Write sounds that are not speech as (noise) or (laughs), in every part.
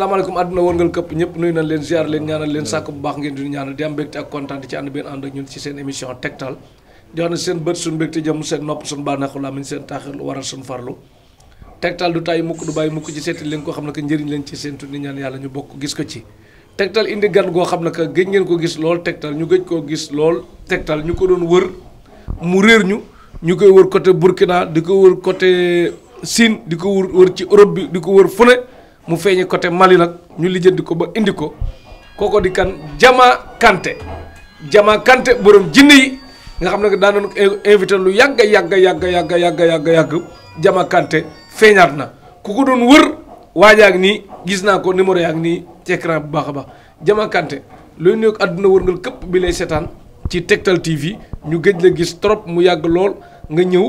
asalaamaaleykum àdduna wërngal këpp ñëpp nuyu nañ leen ziar leen ñaanal leen sàkk bu baax ngeen di ñaanal di am mbégte ak kontaan ci ànd benn ànd ak ñun ci seen émission tegtal di wax ne seen bët suñu mbégte jëm seen nopp suñu bànneexu la amin seen taaxirlu waral suñu farlu tegtal du tàyyi mukk du bàyyi mukk ci seeti leen ko xam ne que njëriñ leen ci seen tudd ñaan yàlla ñu bokk gis ko ci tegtal indi gan goo xam ne que gëj ngeen ko gis lool tegtal ñu gëj ñu ko doon wër mu réer ñu ñu koy wër côté Burkina di ko wër côté di ko wër wër ci Europe bi di ko wër fune mu feeñe côté Mali nag ñu lijjandi ko ba indi ko kooko di kan Jama Kanté Jama Kanté borom jinne yi nga xam ne daan nañu invité lu yàgg yàgg yàgg yàgg yàgg yàgg yàgg Jama Kanté feeñaat na ku ko doon wër waajaak nii gis naa ko numéro yaak nii ci écran bu baax a baax Jama Kanté looy nuyoog àdduna wërngal képp bi lay seetaan ci Tektal TV ñu gëj la gis trop mu yàgg lool nga ñëw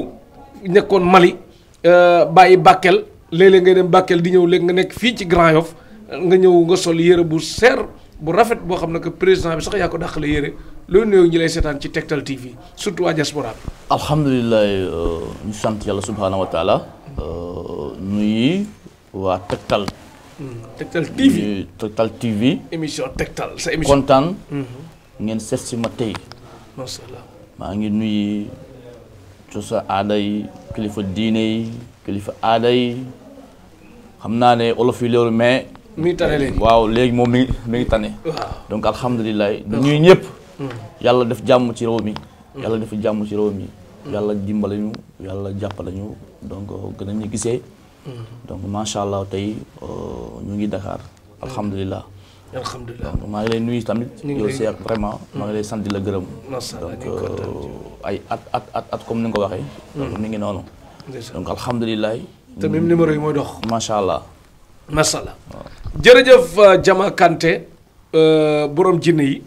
nekkoon Mali euh, bàyyi Bakel. léeg-léeg ngay di ñëw léegi nga nekk fii ci Grand Yoff nga ñëw nga sol yére bu seer bu rafet boo xam ne que président bi sax yaa ko dàqale yére loolu néew ñi lay seetaan ci Tektal TV surtout waa diaspora bi. alhamdulilah euh, ñu sant yàlla subhaanahu wa euh, nuyu waa Tektal. Hmm, Tektal TV nuyu Tektal émission Tektal sa émission kontaan. Hmm. ngeen seet si ma tey. macha maa ngi nuyu. cosaan aada yi kilifa diine yi kilifa aada yi xam naa ne olof yi loolu mais. muy tane waaw léegi moom mi ngi mi ngi tane. donc alhamdulilah ñuy ñëpp. Hmm. yàlla def jàmm ci réew mi. Hmm. yàlla def jàmm ci réew mi. Hmm. yàlla dimbale ñu yàlla jàppale ñu donc gën a ñu gisee. donc macha allah tey euh, ñu ngi Dakar alhamdulilah. alhamdulilah donc maa ngi leen nuyu tamit. yow Cheikh vraiment. maa ngi lay sant di la gërëm. donc euh, ay at at at at comme ni nga ko waxee. donc mi ngi noonu. donc alhamdulilah. te même numéro yi mooy dox. macha allah. macha allah jërëjëf Diama euh, Kanté euh, borom jinne yi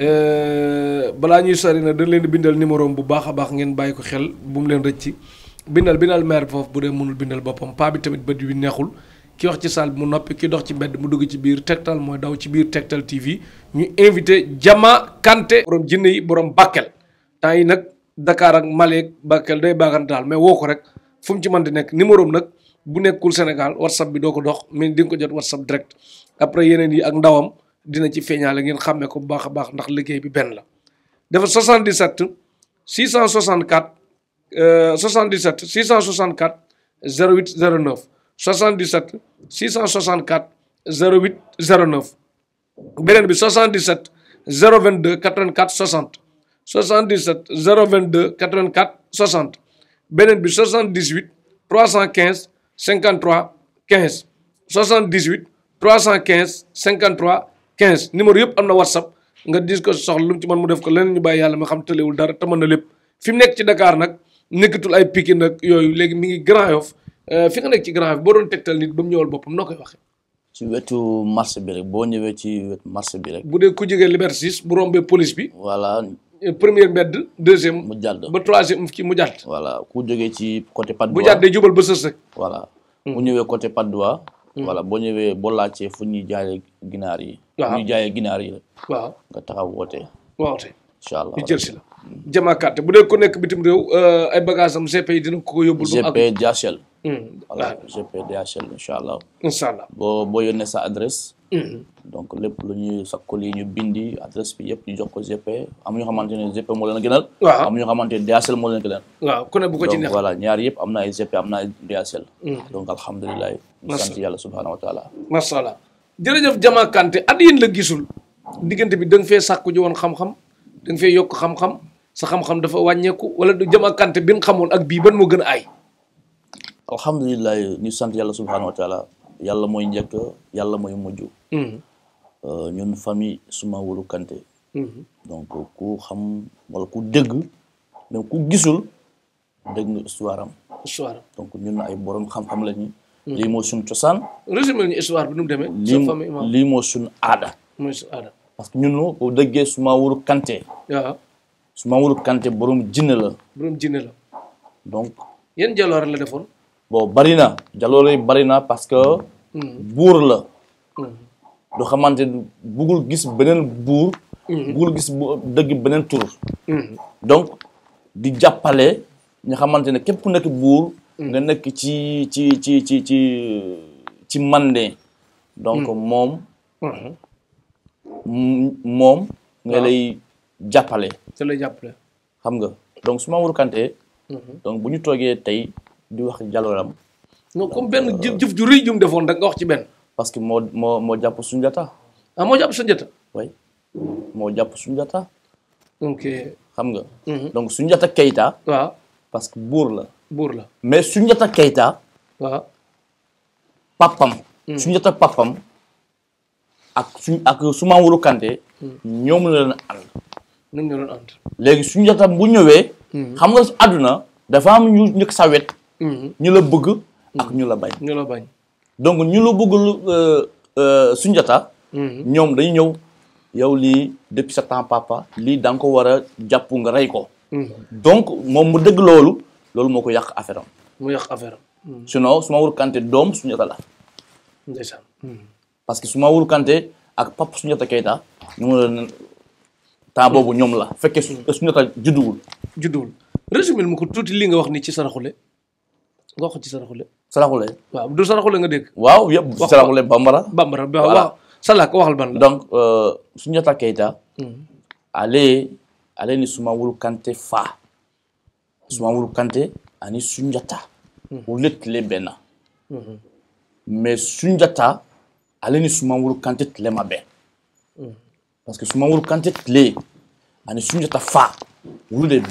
euh, balaa ñuy sori na dañ leen di bindal numéro bu baax a baax ngeen bàyyi ko xel bu mu leen rëcc bindal bindal maire foofu bu dee mënul bindal boppam paa bi tamit bët yu neexul. ki wax ci saal bi mu noppi ki dox ci mbedd mu dugg ci biir Tektal mooy daw ci biir Tektal TV ñu invité Diama Kanté borom jinne yi borom Bakel temps yi nag Dakar ak Mali Bakel day baaxante daal mais woo rek fu mu ci mën di nekk numéro am nag bu nekkul Sénégal whatsapp bi doo ko dox mais di nga ko jot whatsapp direct après yeneen yi ak ndawam dina ci feeñaale ngeen xàmmee ko bu baax a baax ndax liggéey bi benn la. dafa 77 664 77 664 08 09 77 664 08 09 beneen bi 77 022 84 60 77 022 84 60. beneen bi 78 315 53 15 78 315 53 15 numéro yëpp am na whatsapp nga dis ko soxla lu mu ci mën mu def ko leneen ñu bàyyi yàlla ma xam tëlewul dara te mën na lépp fi mu nekk ci Dakar nag nekkatul ay Pikine nag yooyu léegi mi ngi Grand Yoff euh, fi nga nekk ci Grand Yoff boo doon tegtal nit ba mu ñëwal boppam noo koy waxee. ci wetu marché bi rek boo ñëwee ci wetu marché bi bu dee ku jógee Liberté 6 bu rombee bi. voilà. Euh, premier mbedd deuxième. mu jàdd ba troisième kii mu jàdd. voilà ku jógee ci côté Patte d'Oie bu jàddee jubal ba sës rek. voilà bu hmm. ñëwee côté Patte d'Oie. Hmm. voilà boo ñëwee boo laajtee fu ñuy jaayee ginaar yi. waaw fu ñuy jaayee ginaar yi. waaw nga taxaw woote. woote incha allah ñu jël si la. Diama bu dee ku nekk bitim réew euh, ay bagages am GP dina ko yóbbul. GP Diachel. Hmm. voilà GPDHL incha allah. incha allah boo boo yónnee sa adresse. Hmm. donc lépp lu ñuy sakku lii ñu bindi adresse bi yëpp ñu jox ko GP am ñoo xamante ne GP moo leen gënal. waaw am ñoo xamante ne DHL moo leen gënal. waaw ku ne bu ko ci neex donc voilà ñaar yëpp am na ay GP am na ay DHL. Hmm. yàlla subhaanahu wa taala. macha allah jërëjëf Diama Kanté at yéen la gisul diggante bi da fee sàkku ji woon xam-xam da nga fee yokk xam-xam sa xam-xam dafa wàññeeku wala du Diama Kanté bi nga xamoon ak bii ban moo gën a aay alhamdulilah ñu sant yàlla subhanahu wa taala yàlla mooy njëkk yàlla mooy mujj. Mm-hmm. Euh, ñun famille suma wulu kante. Mm-hmm. donc ku xam wala ku dégg même ku gisul dégg nga histoire am. donc ñun ay borom xam-xam la ñu. Mm-hmm. lii moo suñu cosaan. résumé ñu histoire bi nu mu demee. sa moo suñu aada. mooy parce que ñun boo déggee suma wulu kante. waaw suma wulu kante borom jinne la. borom jinne la donc. yan la defoon. bon bari na jaloore yi bari na parce que. Hmm. buur la. du hmm. xamante buggul gis beneen buur. Hmm. buggul gis bu dëgg beneen tur. donc di jàppale ñu xamante ne képp ku nekk buur. nga nekk ci ci ci ci ci ci mande. donc moom. moom. nga ah. lay jàppale. nga lay jàppale. xam nga donc su ma wër donc bu ñu toogee tey. di wax jàllooram. non comme benn euh, jëf jëf ju rëy jum defoon rek wax ci benn. parce que moo moo moo jàpp Sunjata. ah moo jàpp Sunjata. oui jàpp Sunjata. ok xam nga. Mhm. donc Sunjata Keita. waaw parce que buur la. buur la mais Sunjata Keita. waaw papam. Mhm. Sunjata papam ak suñ ak Soumaoro Kanté. Mhm. ñoom la leen ànd. ñoom léegi Sunjata bu ñëwee. xam nga àdduna dafa am ñu njëkk sa wet. ñu la bëgg ak ñu la bañ ñu la bañ donc ñu la bëggul euh, euh, Sunjata mhm. ñoom dañu ñëw yow lii depuis sa temps papa lii da ko war a jàpp nga rey ko mhm. donc moom mu dëgg loolu loolu moo ko yàq affaire am mu yàq affaire am mhm. sinon Soumaïla Kanté doom Sunjata la ndeysaan parce que Soumaïla Kanté ak papa Sunjata Keita ñu mu doon temps boobu ñoom la fekkee Sunjata judduwul judduwul résumé mu ko tuuti li nga wax nii ci saraxule nga wax ci saraxule. saraxule. waaw du saraxule nga dégg. waaw waxal ban la. Euh, Sunjata Keita. ale hmm. ale ni Sumaworo Kante fa. Sumaworo Kante ani Sunjata. olu hmm. tile bɛnna. Hmm. mais Sunjata ale ni Sumaworo Kante tile ma bɛn. parce que Sumaworo Kante tile ani Sunjata fa olu de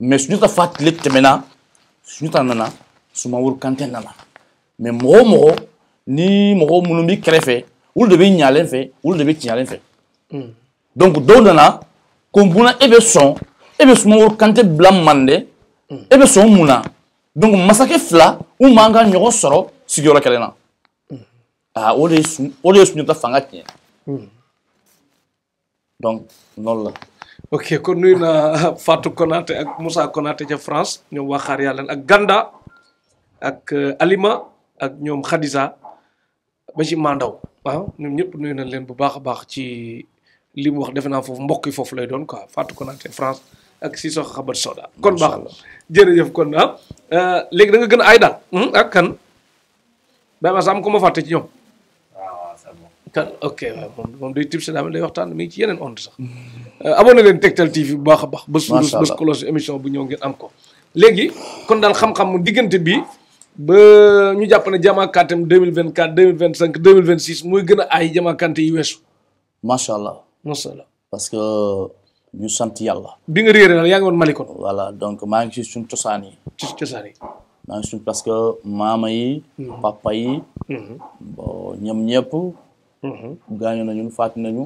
mais Sunjata fa tile tɛmɛna. Sunjata nana Sumaworo Kante nana mais mɔgɔ o mɔgɔ ni mɔgɔ minnu b'i kɛrɛfɛ olu de bɛ ɲalen fɛ olu de bi tiɲalen fɛ hmm. donc dɔw nana ko munna e bɛ sɔn e bɛ Sumaworo Kante bila Mande e hmm. bɛ sɔn mun na donc masakɛ fila u man ka ɲɔgɔn sɔrɔ sigiyɔrɔ kelen na hmm. aa ah, o de ye Sunjata fanga tiɲɛ donc nɔɔrɔ la. ok kon nuyu naa Fatou Konaté ak Moussa Konaté ca France ñoom waa Xaar Yàlla ak Ganda ak euh, Alima ak ñoom Khadija ba ci Mandaw waaw ñoom ñëpp nuyu nañ leen bu baax a baax ci li wax defe naa foofu mbokk yi foofu lay doon quoi Fatou Konaté France ak si sox xabar soda kon baax la jërëjëf kon ah euh, léegi da gën a daal hmm, ak kan ba ma sax am ko ma fàtte ci ñoom kan ok waaw moom moom day Typ Sénégal day waxtaan mi yeneen ondes sax. Euh, abonné leen Tektal TV bu baax ba suñu bés émission bu ñëw ngeen am ko. léegi kon daal xam-xam diggante bi ba ñu jàpp ne jàmmaakaatam 2024 2025 2026 muy gën a aay jàmmaakante yi weesu. macha allah. macha allah parce que ñu sant yàlla. bi nga réeré nag yaa ngi woon Mali kon. voilà donc maa ngi ci suñu cosaan yi. ci cosaan yi. maa ngi suñu parce que maama yi. Hmm. papa yi. Hmm. bon ñoom Mm-hmm. gaañu nañu faatu nañu.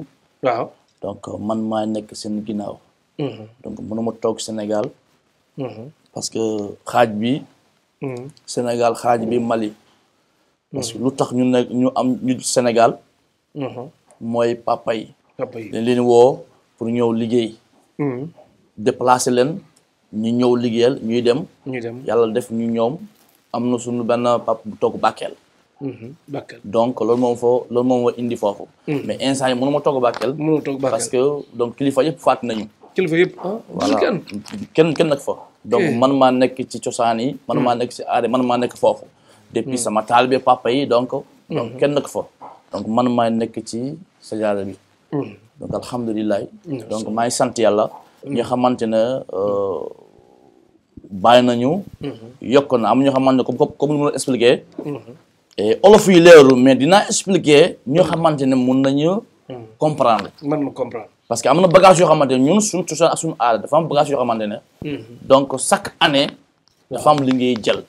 donc euh, man maa nekk seen ginnaaw. Mm-hmm. donc mënuma toog Sénégal. Mm-hmm. parce que xaaj bi. Sénégal xaaj bi Mali. lu tax ñu nekk ñu am ñu Sénégal. mooy papa yi. dañ leen woo pour ñëw liggéey. déplacer leen ñu ñëw liggéeyal ñuy dem. ñuy dem yàlla def ñu ñoom am na suñu benn papa bu toog Bakel. Mhm. donc loolu moom foo loolu moom moo indi foofu. Mhm. mais instant yi mënuma toog Bakel. mënuma toog parce que donc kilifa yëpp faat nañu. kilifa yëpp ah, kenn kenn nag fa. donc man maa nekk ci cosaan yi. man maa mhm. nekk ci aada man maa nekk foofu. depuis sama taalibe papa yi donc. donc kenn nag fa. donc man maa nekk ci sajaada bi. donc alhamdulilah. donc maa sant yàlla. nga xamante ne. Euh, bàyyi nañu. yokk na am ñoo xamante ne comme comme ni ma olof yi leerul mais dinaa expliquer ñoo xamante ne mun nañu hmm. comprendre. mën na comprendre. parce que am na bagage yoo xamante ne ñun suñu cosaan ak suñu aada dafa am bagage yoo xamante ne. Hmm. donc chaque année. dafa am li ngay jël.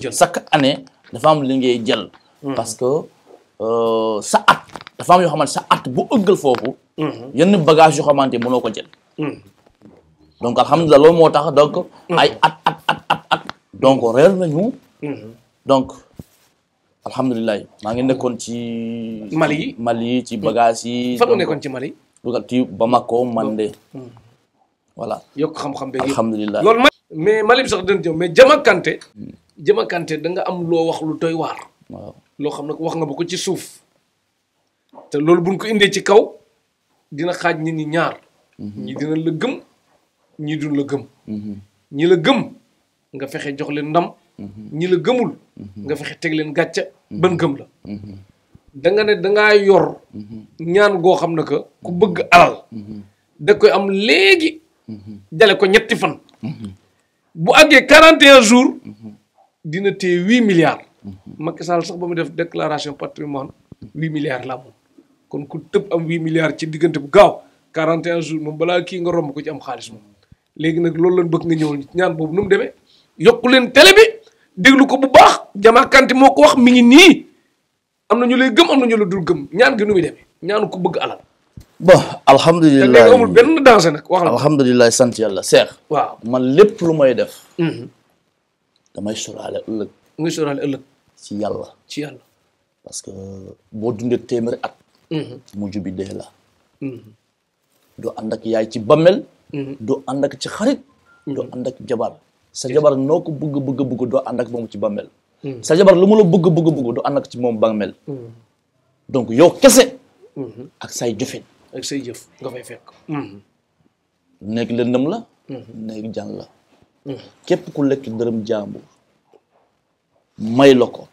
jël chaque année dafa am li ngay jël. Hmm. parce que euh, sa at dafa am yoo xamante sa at bu ëggal foofu. yenn bagage yoo xamante ne mënoo ko jël. donc alhamdulilah loolu moo tax donc. ay at at at at at donc réer nañu. donc. alhamdulilah maa ngi nekkoon ci. mal hmm. yi Mali yi ci bagages yi. nga nekkoon ci Mali. dugal ci Bamako Mandé. Hmm. voilà yokk xam-xam beeg yëpp alhamdulilah loolu mais Mali bi sax dina jëm mais Jama Kanté. Hmm. Jama Kanté da am loo wax lu doy waar. loo xam ne wax nga ba ko ci suuf. te loolu buñ ko indee ci kaw dina xaaj ni ñi ñaar. ñi dina la gëm ñi duñ la ñi la gëm nga fexe jox leen ndam. ñi la gëmul mhm. nga fexe teg leen gàcca mhm. ban gëm la mhm. da nga ne dangaa yor ñaan goo xam ne que ku bëgg alal da koy am léegi jale ko ñetti fan bu àggee quarante et jours dina téye huit milliards Macky Sall sax ba mu def déclaration patrimoine huit milliards la amoon kon ku tëb am huit milliards ci diggante bu gaaw quarante et jours moom balaa kii nga romb ko ci am xaalis moom léegi nag loolu lañ bëgg nga ñëwal ñaan boobu nu demee yokku leen télé bi déglu ko bu baax Diama Kanté moo ko wax mi ngi nii am na ñu lay gëm am na ñu la dul gëm ñaan gi nu muy demee ñaanu ko bëgg alal. bon alhamdulilah da amul benn danger nag wax la alhamdulilah sant yàlla seex. waaw man lépp lu may def. Mhm. damay sóoraale ëllëg. muy sóoraale ëllëg. ci yàlla parce que boo dundee téeméeri at. Mhm. mujj bi dee la. Mhm. doo ànd yaay ci bammel. doo ànd ci xarit. doo ànd jabar. sa jabar noo ko bëgg bëgg bëgg doo ànd ak moom ci bàmmeel hmm. sa jabar lu mu la bëgg bëgg bëgg doo ànd ak ci moom bàmmeel hmm. donc yow kese hmm. ak say jëfin ak say jëf nga fay lëndëm la nekk jàng la képp ku lekk dërëm jàmbur may la ko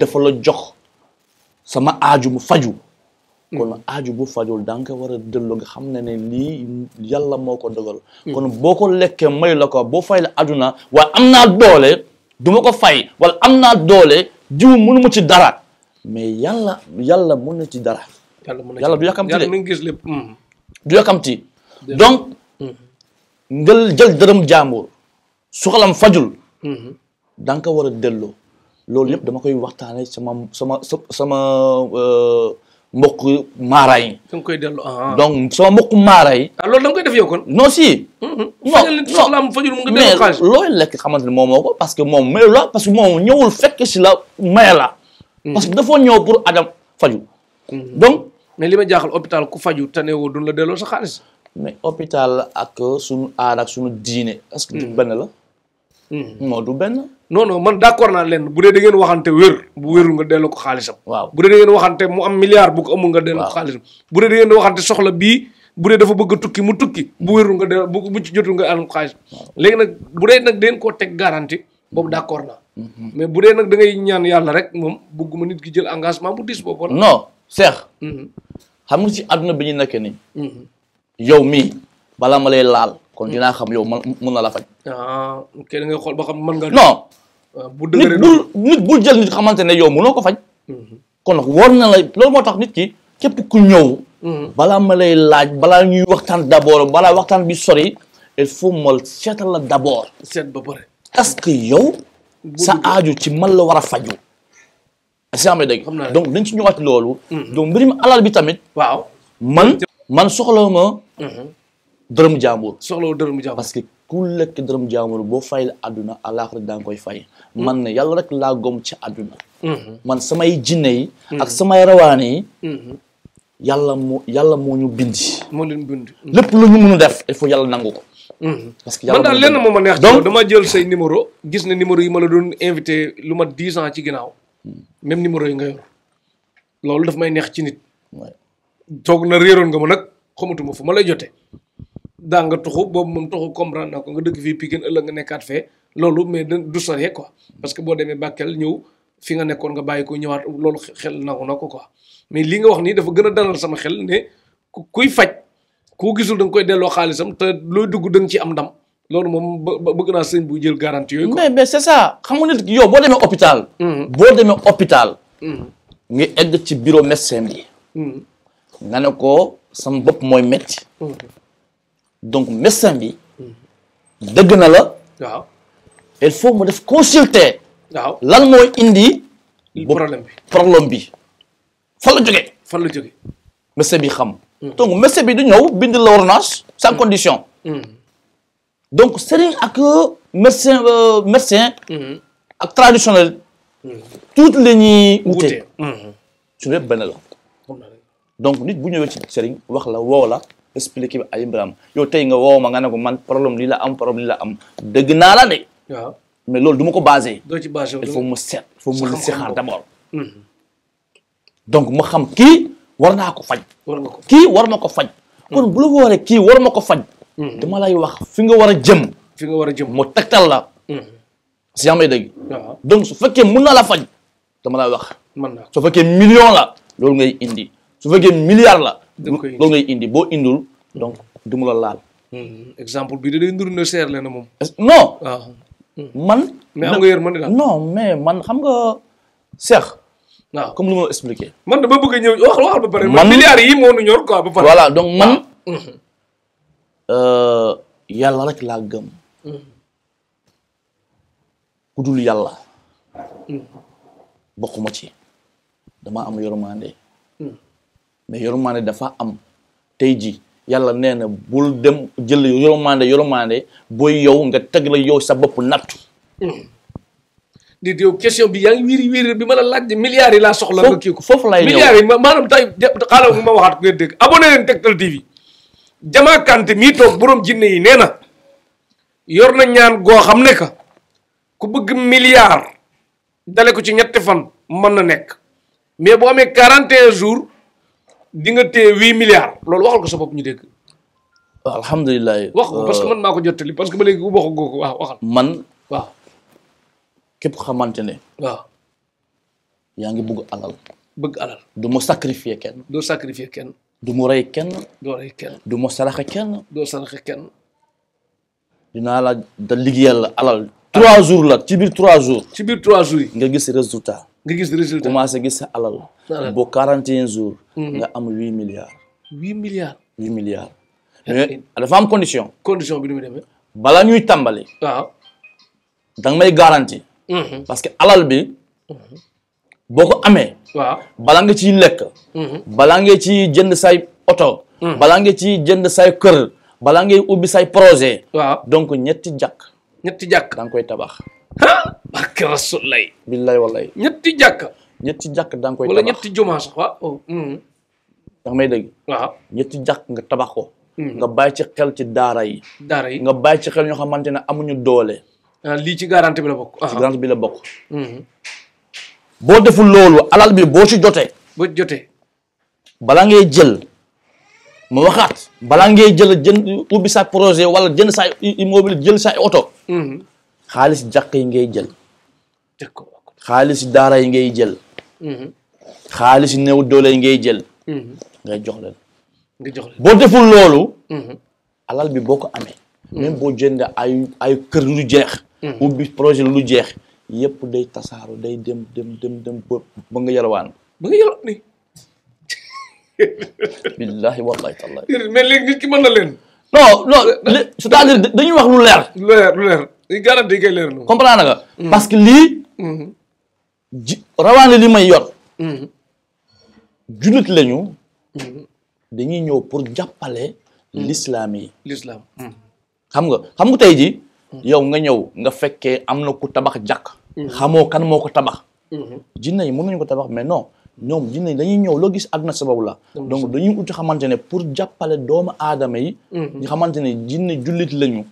dafa la jox sama aaju mu faju Mm. kon aaju boo fajul da nga ko war a delloo nga xam ne ne lii yàlla moo ko dogal. Mm. kon boo ko lekkee may la ko boo fay la aduna waaye am naa doole du ma ko fay wala am naa doole jiw mënu ma ci dara mais yalla yàlla mën na ci dara. yàlla du yàkkamti yàlla mi ngi gis lépp mm. du yàkkamti donc mm-hmm. nga jël dërëm jàmbur suxalam fajul. Mm-hmm. da nga ko war a delloo loolu yëpp dama koy waxtaanee sama sama sama. Euh, mboq maara yi. da koy dellu ah, ah. donc soo mbokk maara yi. ah da nga koy def yow kon. si. Mm-hmm. non soxlaam fajul mu ngi dellu xaalis mais looy lekk xamante ne moom ko parce que moom mayu la parce que moom ñëwul fekk si la maye la. Mm-hmm. parce que dafa ñëw pour adam faju mm-hmm. donc mais li ma jaaxal hôpital ku faju tanewoo duñ la delloo sa xaalis. mais hôpital ak sunu aada ak sunu diine. est-ce que du benn la. Modou hmm. benn. non non man d'accord naa leen bu dee da ngeen waxante wér bu wérul nga delloo ko xaalisam. waaw bu dee da ngeen waxante mu bu ko amul nga delloo bu dee da soxla bii bu dee dafa bëgg tukki mu tukki bu wérul nga delloo bu bu ci jotul nga alal léegi nag bu dee nag deen koo teg garantie boobu hmm. d'accord naa. Hmm. mais bu dee nag da ngay ñaan yàlla rek moom bëgguma nit ki jël engagement bu diis boobu. non Cheikh. xam nga ci àdduna bi ñu nekk nii. yow mii balaa ma lay laal. kon dinaa xam yow man mun na la faj. ah kenn nga xool ba xam mën nga. non ah, bu dëgëree nit bul jël nit xamante ne yow mënoo ko faj. Mhm. kon nag war na la loolu moo tax nit ki képp ku ñëw. Mhm. balaa ma lay laaj balaa ñuy waxtaan d' abord balaa waxtaan bi sori il faut ma seetal la d' abord. seet ba pare. que yow. sa aaju ci man la war a faju si am dégg donc dañ ci ñëwaat loolu. Mhm. donc mbirum alal bi tamit. waaw man man soxla ma. dërëm jaambur soxlawul dërëm jaambur parce que ku lekk dërëm jaambur boo fay la àdduna àllaaxira da nga koy fay man ne yàlla rek laa gom ci àdduna mm-hmm. man samay jinne yi ak mm-hmm. samay rawaane yi mm-hmm. yàlla moo yàlla moo ñu bindi moo leen bindi lépp lu ñu mën a def il faut yàlla nangu ko parce que man daal lenn moo ma neex ci dama jël say numéro gis ne numéro yi ma la doon invité lu ma dix ans ci ginnaaw mm. même numéro yi nga yor loolu daf may neex ci nit toog na réeroon nga ma nag xamatuma fu ma lay jotee daa nga tuxu boobu moom tuxu comprendre na ko nga dëkk fii Pikine ëllëg nga nekkaat fee loolu mais du sore quoi parce que boo demee Bakel ñëw fi nga nekkoon nga bàyyi ko ñëwaat xel nangu na ko quoi mais li nga wax nii dafa gën a dalal sama xel ne kuy faj koo gisul da nga koy delloo xaalisam te looy dugg da ci am ndam loolu moom bëgg naa sëñ bu jël garantie yooyu mais mais c'est ça xam nga nit yow boo demee hôpital mm-hmm. boo demee hôpital mm-hmm. nga egg ci bureau médecin bi mm-hmm. ne ko sama bopp mooy metti donc médecin bi. dëgg na la. waaw il faut mu def consulter. waaw lan mooy indi. problème bi problème bi. fan la jógee. fan bi xam. Mm. donc médecin bi du ñëw bind la ordonnance sans mm. condition. Mm. donc sëriñ ak euh, médecin euh, médecin. ak traditionnel. toutes la ñuy wute. la. donc nit bu ñëwee ci sëriñ wax la woo expliqué bi ay mbiram yow tey nga woo ma nga ne ko man problème lii la am problème lii la am dëgg naa la de. mais loolu duma ko basé. doo ci basé il faut mu seet. il faut mu si xaar hmm. donc mu xam kii war naa ko faj. kii war na ko faj. Hmm. kon bu la wooree kii war ma ko faj. Hmm. dama lay wax fi nga war a jëm. fi nga war a jëm moo tegtal la. si yaa may dëgg waaw donc su fekkee mun na la faj dama lay wax. mën naa su fekkee million la loolu ngay indi su fekkee milliard la. loolu ngay indi boo indul donc du mu la laal. Hmm, exemple bi day ndur na seer leen moom. non. Ah. Hmm. man. mais am nga yërmande daal non mais man xam nga seex. Ah. comme lu ma expliqué. man dama bëgg a ñëw wax wax ba pare. man milliards yi moo nu ñor quoi ba pare. voilà donc ah. man. Hmm. Euh, rek laa gëm. ku dul yàlla. bokkuma ci dama am yërmande. yor yërmande dafa am tey ji yàlla nee na bul dem jël yërmande yërmande booy yow nga teg la yow sa bopp nattu. di yow question bi yaa ngi wiiri bi ma la laaj milliards yi laa soxla. nga kii ko foofu laay ñëw milliards yi maanaam tey xaaral ma waxaat ko ngeen dégg abonné leen TV. Diama Kanté mii toog borom jinne yi nee na yor na ñaan goo xam ne que ku bëgg milliard dale ko ci ñetti fan mën na nekk mais boo amee 41 jours. di nga téye huit milliards loolu waxal ko sa ñu dégg. waaw wax ko parce que euh, man maa ko jottali parce que ba léegi waxu googu waaw waxal. man waaw. képp xamante ne. waaw. yaa ngi bugg alal. bëgg alal du ma sacrifier kenn. doo kenn. du mu rey kenn. doo rey kenn. du ma saraxe kenn. doo naa kenn. dinaa la da liggéeyal alal. trois jours la ci biir trois jours. ci biir trois jours yi. nga gis résultat. nga gis résultat commencé gis sa alal. boo 41 jours. Mhm. nga am 8 milliards. 8 milliards. 8 dafa am condition. condition bi ni mu demee. bala ñuy tàmbali. waaw. da nga may garantie. Mhm. parce que alal bi. Mhm. boo ko amee. waaw balaa nga ci lekk. balaa nga ci jënd say oto. balaa nga ciy jënd say kër. balaa ngay ubbi say projet. donc ñetti jàkk. ñetti jàkk da koy tabax. barke rasul lay. billaay wallaay. ñetti jàkka. ñetti jàkk da nga koy tabax wala ñetti jumaa sax waaw. Oh, hmm. may dégg. ñetti jàkk nga tabax hmm. nga bàyyi ci xel ci daara yi. daara yi nga bàyyi ci xel ñoo xamante ne amuñu doole. Ah, lii ci garante bi la bokk. ci bi la bokk. Hmm. boo deful loolu alal bi boo ci jotee. boo ci balaa ngay jël ma waxaat balaa ngay jël jënd ubbi sa projet wala jënd sa immobile jël sa oto. xaalis jàkk yi ngay jël. xaalis daara yi ngay jël. Mm-hmm. xaalis néew doole yi ngay jël. Mm-hmm. jox leen. jox boo deful loolu. Mm-hmm. alal bi boo ko amee. même boo jëndee ay ay kër lu jeex. ubbi projet lu jeex yëpp day tasaaru day dem dem dem dem ba nga yalwaan. ba nga yalwaan ni. (laughs) billahi wallahi tallahi. mais léegi wax lu leer. lu leer lu leer garanti kay leer. comprendre nga. parce que lii. ji rawaane li may yor. Mm-hmm. jullit lañu. Mm-hmm. dañuy ñëw pour jàppale. Mm-hmm. lislaam yi. l'islam xam nga xam nga tey ji yow nga ñëw nga fekkee am na ku tabax jàkk. xamoo kan moo ko tabax. jinne yi mën nañu ko tabax mais non ñoom jinne yi dañuy ñëw loo gis àdduna sababu la. donc dañuy uti xamante ne pour jàppale doomu aadama yi. ñu xamante ne jinne jullit lañu.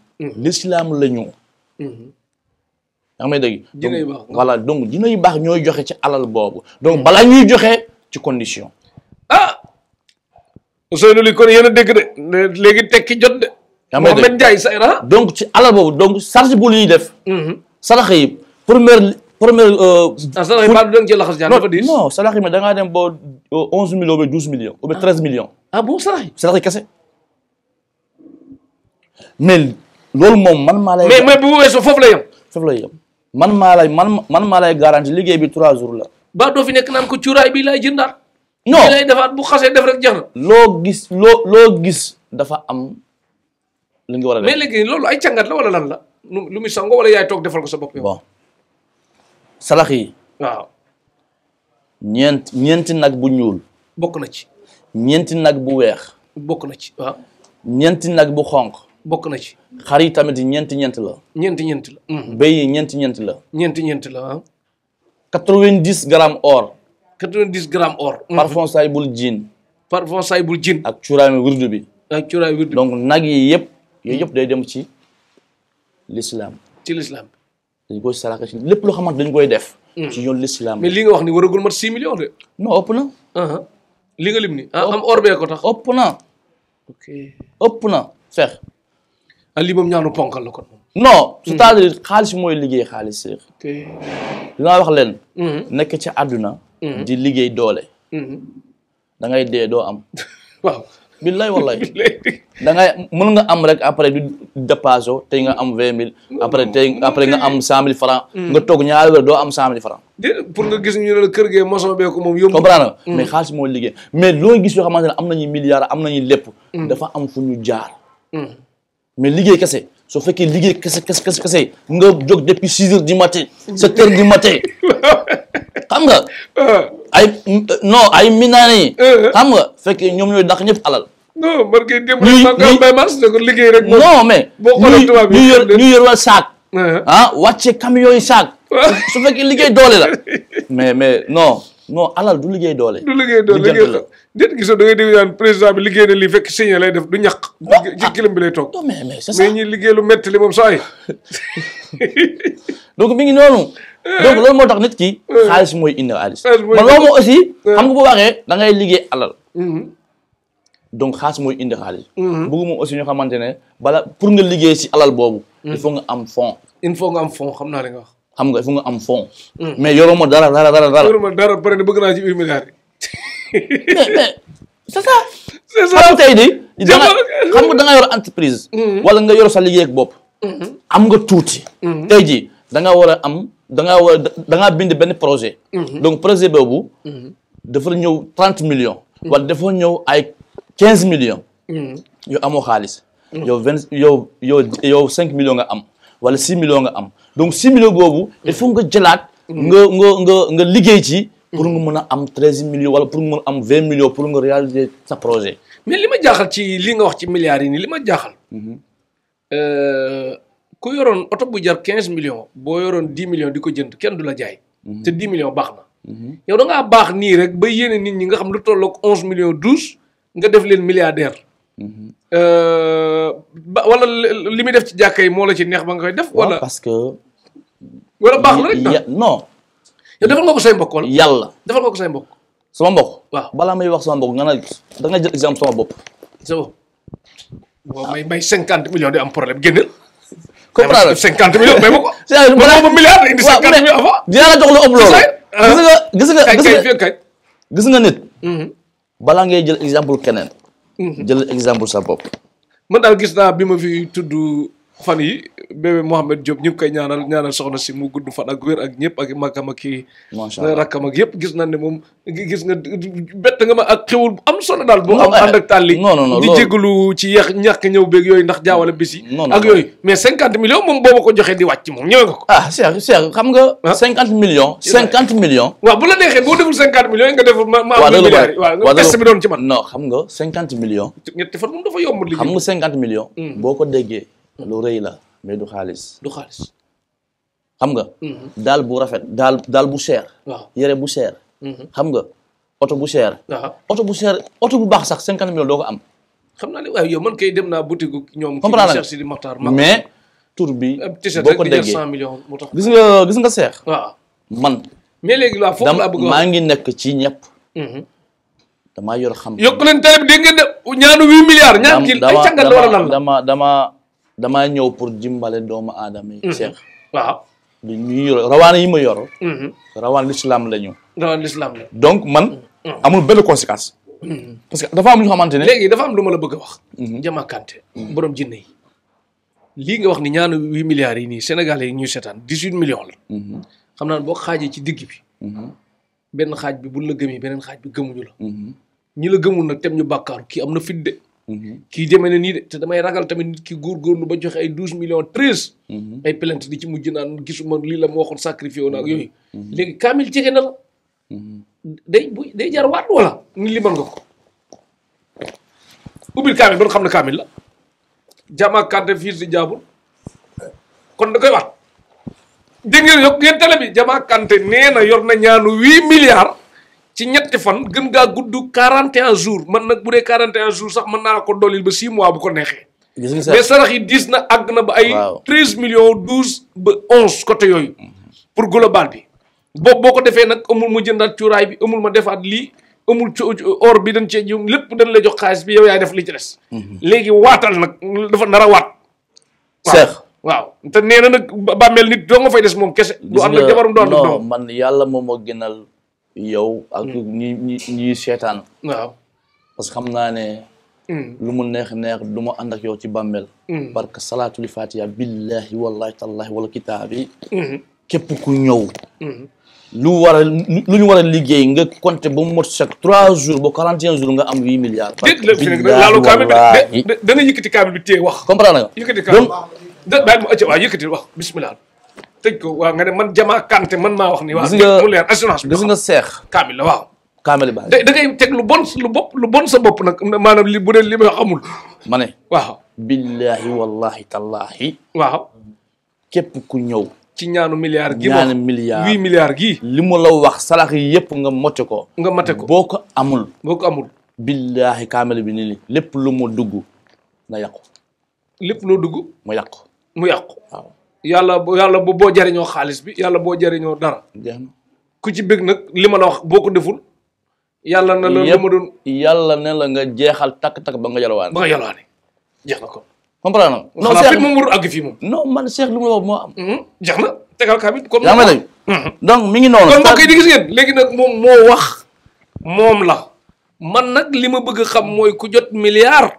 l'islam lañu. yaa ngi may dégg. dina baax voilà donc dina yu baax ñooy joxe ci alal boobu. donc balaa ñuy joxe ci condition. ah. Ousseynou li kon yéen a de léegi tekki jot de. yaa ngi may dégg Ndiaye say na donc ci alal boobu donc charge bu ñuy def. Mm-hmm. sarax yi première première. Euh, ah sarax yi baal ci da ngaa dem ba euh, onze millions ba douze millions. ou bien ah. treize millions. ah bon sarax yi. sarax yi kese mais loolu moom man maa lay. mais bu weesoo foofu lay yem. foofu lay yem. man maa lay man man maa lay garanti liggéey bi trois jours la. ba doo fi nekk naan ko cuuraay bi lay jëndaat. non lay defaat bu xasee def rek jeex loo gis loo loo gis dafa am lu ngi war a def. mais léegi loolu ay càngat la wala lan la lu muy sango wala yaay toog defal ko sa bopp. bon salax yi. waaw. ñeenti nag bu ñuul. bokk na ci. ñeenti nag bu weex. bokk na ci waaw. ñeenti nag bu xonq. bokk na ci. xar yi tamit ñeenti ñeenti la. ñeenti ñeenti la. Mhm. béy yi ñeenti la. ñeenti ñeenti la. quatre-vingt-dix grammes or. quatre-vingt-dix grammes or. Mhm. parfum saybul jin. parfum saybul jin. ak cuuraay wirdu bi. ak cuuraay wirdu bi donc nag yi yëpp. yooyu yëpp day dem ci l'islam. ci l'islam. dañ koy saraka ci lépp loo xamante dañ koy def. Mhm. ci yoon l'islam. mais li nga wax ni waragul mat six millions de. non ëpp na. li nga lim ni ah, am or bee ko tax. ëpp na. ëpp na fex. Ah, lii moom ñaanu ponkal la kon. non c'est-à-dire xaalis mooy liggéey xaalis seex. dinaa wax leen. Mhm. nekk ci adduna mhm. di liggéey doole. Mhm. da ngay dee doo am. (laughs) waaw billaay wallaay. (laughs) da ngay mën nga am rek après du dépassé te nga am vingt mille après tey après nga am cent mille franc. nga toog ñaari weer doo am cent mille franc. pour nga gis ñu ne la kër gee mosoon bee ko moom yomb. comprendre mais xaalis mooy liggéey mais loo gis yoo xamante ne am nañu milliards am nañu lépp. dafa am fu ñu jaar. mais liggéey kese soo fekkee liggéey kese kese kese kese nga jóg depuis six heures du matin sept heures du matin (laughs) xam nga. Euh. ay non ay minaane yi. Euh. xam nga fekkee ñoom ñooy dàq alal. non man kay démb rek maa liggéey rek. non mais boo xoolee tubaab yi ñu yor ñu yor saak. Euh. ah wàcce camion yi saak. (laughs) su fekkee liggéey doole la (laughs) mais no non alal du liggéey doole. du liggéey doole liggéey la déet gisoo da ngay dégg daan président bi liggéey na lay def du ñàkk. ci ah. bi lay toog. non mais c'est ça liggéey lu métti li moom saa donc mi ngi noonu. Eh. donc loolu moo tax nit ki. Eh. xaalis mooy indi xaalis. ma loolu moo aussi. Eh. xam nga bu waxee da ngay liggéey alal. Mm-hmm. donc xaalis mooy indi xaalis. Mm-hmm. bëgguma aussi ñu xamante ne bala pour nga liggéey si alal boobu. Mm. il faut nga am fond. il faut nga am fond xam naa li nga wax. xam nga fu nga am fond. Mm. mais yoroo ma dara dara dara dara. yoroo ma dara pare ne bëgg naa ci huit milliards yi. (laughs) mais mais c'est ça. c'est ça tey di entreprise. Mm-hmm. wala nga yor sa liggéey ak mm-hmm. am nga tuuti. Mm-hmm. tey ji da nga war a am da nga war a da bind benn projet. donc projet boobu. dafa ñëw trente million wala dafa ñëw ay quinze million yow amoo xaalis. yow vingt yow cinq million nga am wala six millions nga am. donc simili googu. il faut nga jëlaat. nga nga nga nga liggéey ci. pour nga mën a am treize millions wala pour nga mën am vingt millions pour nga réaliser sa projet. mais li ma jaaxal ci li nga wax ci milliards yi nii li ma jaaxal. Mhm. Euh, ku yoroon oto bu jar quinze millions boo yoroon dix millions di ko jënd kenn du la jaay. Mhm. te dix millions baax na. Mhm. yow da ngaa baax nii rek ba yéene nit ñi nga xam lu tolloog onze millions douze nga def leen milliardaire. Euh, ba wala li muy def ci jàkka yi moo la ci neex ba nga koy def. wala parce que. wala baax la rek na non. yow defal nga ko say mbokk wala. yàlla defal nga ko say mbokk. sama mbokk. waaw balaa may wax sama mbokk nga naan da nga jël exemple sama bopp. sa bopp waaw may may cinquante millions di am problème génneel. comprendre cinquante millions may ma ko. c' est vrai ma milliard indi cinquante millions avant. dinaa la jox lu ëpp loolu. gis nga gis nga ah. gis nga gis nga nit. Mm-hmm. balaa ngay jël exemple keneen. Mm-hmm. jël exemple sa bopp. man daal gis naa bi ma fi tudd. fan yi bébé Mouhamed Diop ñu ngi koy ñaanal ñaanal soxna si mu gudd fan ak wér ak ñëpp ak màggam ak kii rakkam gis nañ ne moom gis nga bett nga ma ak xewul am solo daal boo am eh, ànd ak tàlli di jégalu ci yeex ñàkk ñëw béeg yooyu ndax jaawale bis yi moom booba ko joxee di wàcc moom nga ko ah Cheikh Cheikh xam nga ah. cinquante millions bu la neexee boo deful nga def ma am milliards yi waaw test bi doon ci man non xam nga cinquante ñetti fan moom dafa yomb li xam nga cinquante hmm. boo ko déggee lu rëy la mais du xaalis. du xaalis. xam nga. Mm-hmm. daal bu rafet daal daal bu cher. waaw yére bu cher. Mm-hmm. xam nga oto bu cher. waaw oto bu cher oto bu baax sax cinquante millions doo am. xam naa ne waaye yow man kay dem naa boutique ñoom. comprendre nañ si Maxtaar mais tur bi. Euh, boo ko déggee cent millions mu tax. gis nga gis nga seex. waaw man. mais léegi laa foofu laa maa ngi nekk ci ñëpp. Mm-hmm. damaa yor xam. damaa ñëw pour dimbale doomu aadama yi. Mm-hmm. Cheikh waaw. li ñuy yor rawaan yi ma yor. Mm-hmm. rawaan l'islam la ñu. rawaan l'islam donc man. Mm-hmm. amul benn conséquence. parce que dafa am lu xamante ne. léegi dafa am lu ma la bëgg a wax. Diama Kanté borom jinne yi. lii nga wax ni ñaan huit milliards yi nii Sénégalais yi ñuy seetaan dix huit millions la. xam naa boo xaajee ci digg bi. benn xaaj bi buñ la gëmee beneen xaaj bi gëmuñu la. ñi la gëmul nag tem ñu bàkkaaru kii am na fit de. Mhm. ki demee na nii de te damay ragal tamit nit góor góorgóorlu ba joxe ay douze millions treize mhm. ay plainte di ci mujj naan gisuma lii la ma waxoon sacrifié woon ak mhm. yooyu léegi kaamil la day bu day jar waat nga ko ubbil ba nga xam ne kaamil la jaamaa carte fiis di jaabul kon da koy waat dégg ngeen yokk ngeen télé bi jamaa kante nee na yor na ñaanu huit milliards ci ñetti fan gën gaa gudd 41 jours man nag bu dee 41 jours sax mën naa ko dollil ba 6 mois bu ko neexee. mais sarax yi diis na àgg na ba ay. waaw million millions ba 11 côté yooyu. pour global bi. boobu boo ko defee nag amul ma jëndaat cuuraay bi amul ma defaat lii amul or bi dañ cee jiw lépp dañ la jox xaalis bi yow yaay def li ci des. Mhm. léegi waatal nag dafa nar a waat. seex waaw te nee na nag bàmmeel nit doo nga fay des moom kese. du ànd ak jabaram doo ànd ak doom yàlla moom moo gënal. yow ak hmm. ñi ñi ñi seetaan. waaw parce naa ne. Hmm. lu mu neex neex du ma ànd ak yow ci bàmmeel. Hmm. parce que salaatul fatiha billahi wallahi tallahi wala kitaabi. képp ku ñëw. lu war a lu ñu a liggéey nga compter ba mu mot chaque trois jours ba quarante et un jours nga am huit milliards. déet la fii nag laalu kaamil bi da nga yëkkati kaamil bi téye wax. comprendre nga kaamil bi da bàyyi ma ëcc waaw yëkkati wax tëj ko waaw nga ne man Jama Kanté man maa wax ni waaw mu leer assurance bi gis nga seex kaamil la waaw kaamil ba da ngay teg lu bon lu bopp lu bon sa bopp nag maanaam li bu dee li may wax amul ma ne waaw billaahi wallahi tallaahi waaw képp ku ñëw ci ñaanu milliard gi ñaanu milliard gii li mu la wax salax yi yëpp nga motte ko nga motte ko boo ko amul boo ko amul billaahi kaamil bi ni lépp lu mu dugg nga yàqu lépp loo dugg mu yàqu mu yàqu yàlla yàlla bu boo jariñoo xaalis bi yàlla boo jariñoo dara. ku ci bëgg nag li ma la wax boo ko deful. yàlla na la lu ma doon yàlla ne la nga jeexal takk-takk ba nga yalwaane. ba nga yalwaane jeex na ko. comprendre non seex bi moom warul àgg fii man seex lu ma moo am. Mhm, jeex na tegal kaamil comme. yaa ngi mhm. donc mi ngi noonu. kon di gis ngeen léegi nag moom moo wax. la man nag li ma bëgg a xam mooy ku jot milliard.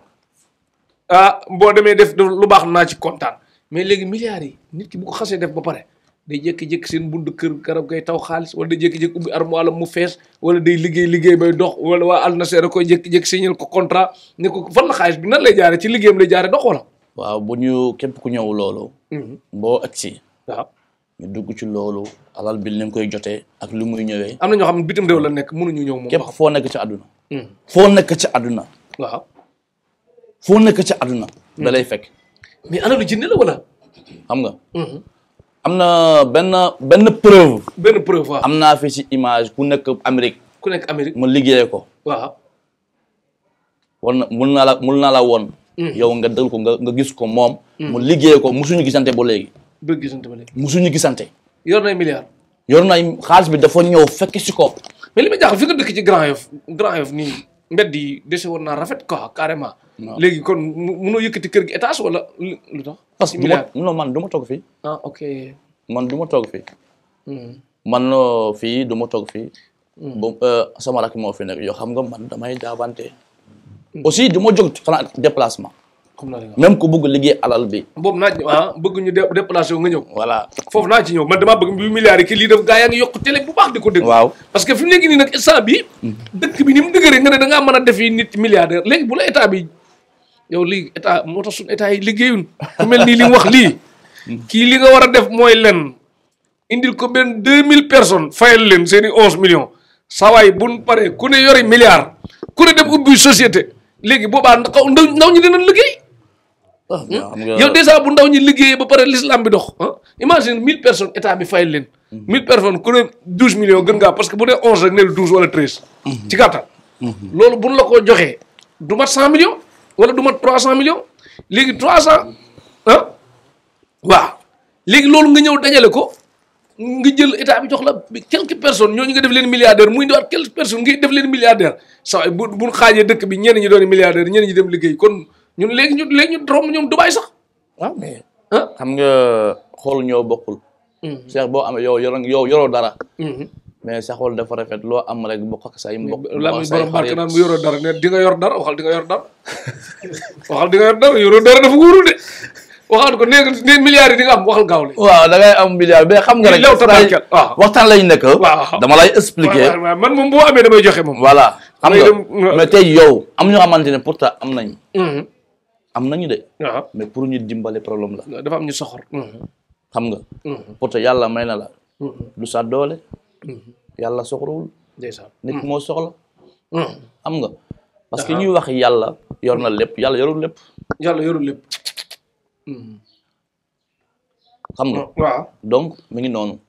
ah boo demee def lu baax naa ci kontaan. mais léegi milliards yi nit ki bu xasee def ba pare day jékki-jékki seen buntu kër garab ngay taw xaalis wala day jékki-jékki ubbi armoire mu fees liggéey bay dox wala waa Al Nassr koy jékki-jékki signal ko contrat ne ko fan la xaalis bi nan lay jaare ci liggéeyam lay jaare dox wala waaw bu ñu képp ku ñëw loolu mm-hmm. boo agsi waaw ñu dugg ci loolu alal bi ni koy jotee ak lu muy ñëwee am na ñoo xam ne bitim réew la nekk mënuñu ñëw moom képp foo nekk ci aduna mm-hmm. foo nekk ci àdduna waaw foo nekk àdduna mm-hmm. da lay fekk mais alalu jinne la wala. xam nga. Mhm. am na benn benn preuve. benn preuve am naa fi ci image ku nekk Amérique. ku nekk Amérique mu liggéeye ko. waaw. war na mun naa la mun naa la woon. Mhm. yow nga dal ko nga nga gis ko moom. Mhm. mu liggéey ko musuñu gissante ba léegi. ba gisante ba léegi. musuñu gisante. yor na ay yor na ay xaalis bi dafa ñëw fekk si ko. mais li ma jaaxal fi nga dëkk ci Grand Yoff Grand Yoff nii. mbedd yi dese woon naa rafet quoi carrément. léegi kon munoo yëkkati kër gi étage wala lu tax. parce que du ma man du toog fii. Ah, ok man du ma toog fii. Hmm. man fii du toog fii. Hmm. bon euh, sama rakk moo fi nekk yoo xam nga man damay jaabante. Hmm. aussi du ma jóg xanaa déplacement. même ku bëgg liggéey alal bi. boobu naa ah bëgg ñu déplacé wu nga ñëw. voilà foofu naa ci ñëw man damaa bëgg bi milliards yi kii lii def gaa yaa ngi yokk télé bu baax di ko parce que fi mu nekk nii nag instant bi hmm. dëkk bi ni mu dëgëree nga a defi nit milliardaire yow lii état moo tax suñu état yi liggéeyun mel nii li mu wax lii. Hmm. kii li nga war a def mooy leen indil ko benn deux mille personnes fayal leen seen i onze millions sawaay buñ paree ku ne yori milliard ku ne dem ubbi société léegi boobaa ndaw ndaw ñu dinañ liggéey Ah, hmm? yow dèjà bu ndaw ñi liggéeyee ba pare l'islam bi dox ah imagine mille personnes état bi fayal leen hmm. mille personnes ku ne douze millions gën ngaa parce que bu dee onze rek neel douze wala treize hmm. ci gàttal loolu buñ la ko joxee du mat cent millions wala du mat trois cent millions léegi trois cent ah waaw léegi loolu nga ñëw dajale ko nga jël état bi jox la quelques personnes ñooñu nga def leen milliardaire muy indiwaat quelques personnes ngay def leen milliardaire liggéey kon ñun léegi ñu léegi ñu romb ñoom Dubaay sax waaw mais xam nga xool ñoo bokkul hmm. Cheikh boo amee yow yoro yow yoroo dara hmm. mais sa xol dafa rafet loo am rek bokk sax say mbokk la muy borom barke naan mu yoroo dara ne di nga yor dara waxal di nga yor dara (laughs) waxal di nga yor dara yoroo dara dafa wóorul de waxal ko ne milliards yi di nga am waxal da ngay am milliard mais xam nga rek law tabarkel waaw waxtaan lañ nekk waaw dama lay expliquer man moom boo amee damay joxe moom voilà xam nga mais tey yow am ñoo xamante ne ta am nañ hmm. am nañu de. Ah. mais pour ñu dimbale problème la. dafa am ñu soxor. Mhm. xam nga. Mhm. pour que yàlla may na la. lu mhm. sa doole. yàlla soxorul. ndeysaan nit moo soxla. xam nga parce que ñuy wax yàlla yor na lépp yàlla yorul lépp. yàlla yorul lépp. xam nga. waaw donc mi ngi noonu.